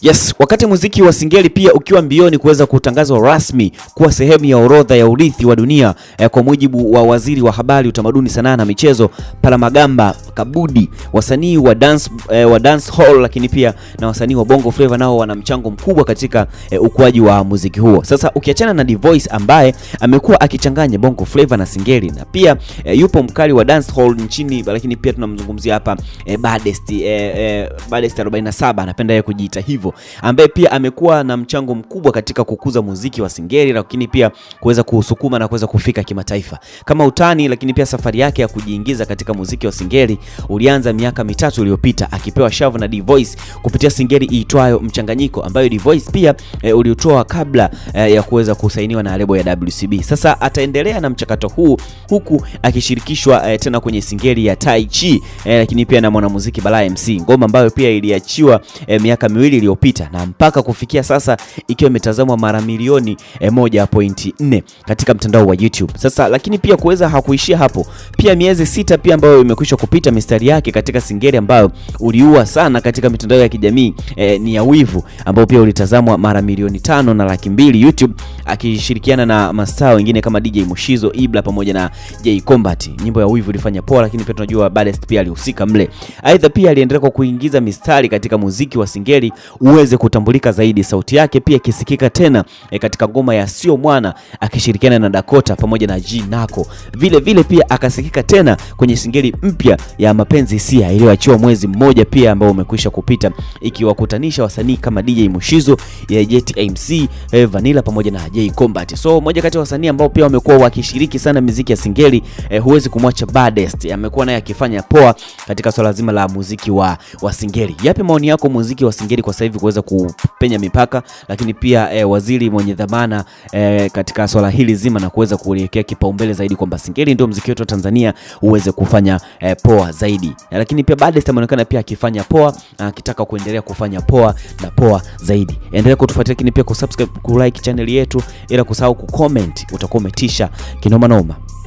Yes, wakati muziki wa Singeli pia ukiwa mbioni kuweza kutangazwa rasmi kuwa sehemu ya orodha ya urithi wa dunia eh, kwa mujibu wa waziri wa habari, utamaduni, sanaa na michezo Palamagamba Kabudi, wasanii wa dance, eh, wa dance hall lakini pia na wasanii wa Bongo Flava nao wana mchango mkubwa katika eh, ukuaji wa muziki huo. Sasa ukiachana na D-Voice ambaye amekuwa akichanganya Bongo Flava na Singeli na pia eh, yupo mkali wa dance hall nchini, lakini pia tunamzungumzia hapa eh, Badest eh, eh, Badest 47 anapenda yeye kujiita hivyo Divo ambaye pia amekuwa na mchango mkubwa katika kukuza muziki wa Singeli, lakini pia kuweza kusukuma na kuweza kufika kimataifa kama utani. Lakini pia safari yake ya kujiingiza katika muziki wa Singeli ulianza miaka mitatu iliyopita akipewa shavu na Voice kupitia singeli iitwayo Mchanganyiko ambayo Voice pia e, eh, uliotoa kabla e, ya kuweza kusainiwa na lebo ya WCB. Sasa ataendelea na mchakato huu huku akishirikishwa e, tena kwenye singeli ya Tai Chi e, lakini pia na mwanamuziki Balaa MC, ngoma ambayo pia iliachiwa e, miaka miwili iliyopita iliyopita na mpaka kufikia sasa ikiwa imetazamwa mara milioni 1.4 eh, katika mtandao wa YouTube. Sasa lakini pia kuweza hakuishia hapo, pia miezi sita pia ambayo imekwisha kupita mistari yake katika singeli ambayo uliua sana katika mitandao ya kijamii e, ni ya wivu ambao pia ulitazamwa mara milioni tano na laki mbili YouTube akishirikiana na mastaa wengine kama DJ Mushizo, Ibla pamoja na J Combat. Nyimbo ya wivu ilifanya poa, lakini pia tunajua Baddest pia alihusika mle. Aidha pia aliendelea kwa kuingiza mistari katika muziki wa singeli uweze kutambulika zaidi, sauti yake pia ikisikika tena e, katika ngoma ya Sio Mwana akishirikiana na Dakota pamoja na G Nako. Vile vile pia akasikika tena kwenye singeli mpya ya Mapenzi Sia iliyoachiwa mwezi mmoja pia ambao umekwisha kupita, ikiwakutanisha wasanii kama DJ Mushizo, ya e, Jet MC, e, Vanilla pamoja na Jay Combat. So moja kati ya wasanii ambao pia wamekuwa wakishiriki sana miziki ya singeli e, huwezi kumwacha Badest. Amekuwa naye akifanya poa katika swala zima la muziki wa, wa singeli. Yapi maoni yako muziki wa singeli kwa sasa hivi? hivi kuweza kupenya mipaka, lakini pia e, waziri mwenye dhamana e, katika swala hili zima na kuweza kuelekea kipaumbele zaidi kwamba Singeli ndio mziki wetu wa Tanzania uweze kufanya e, poa zaidi, lakini pia baadaye sitaonekana pia akifanya poa, akitaka kuendelea kufanya poa na poa zaidi. Endelea kutufuatilia, lakini pia kusubscribe, kulike channel yetu, ila kusahau kucomment, utakuwa umetisha kinoma noma.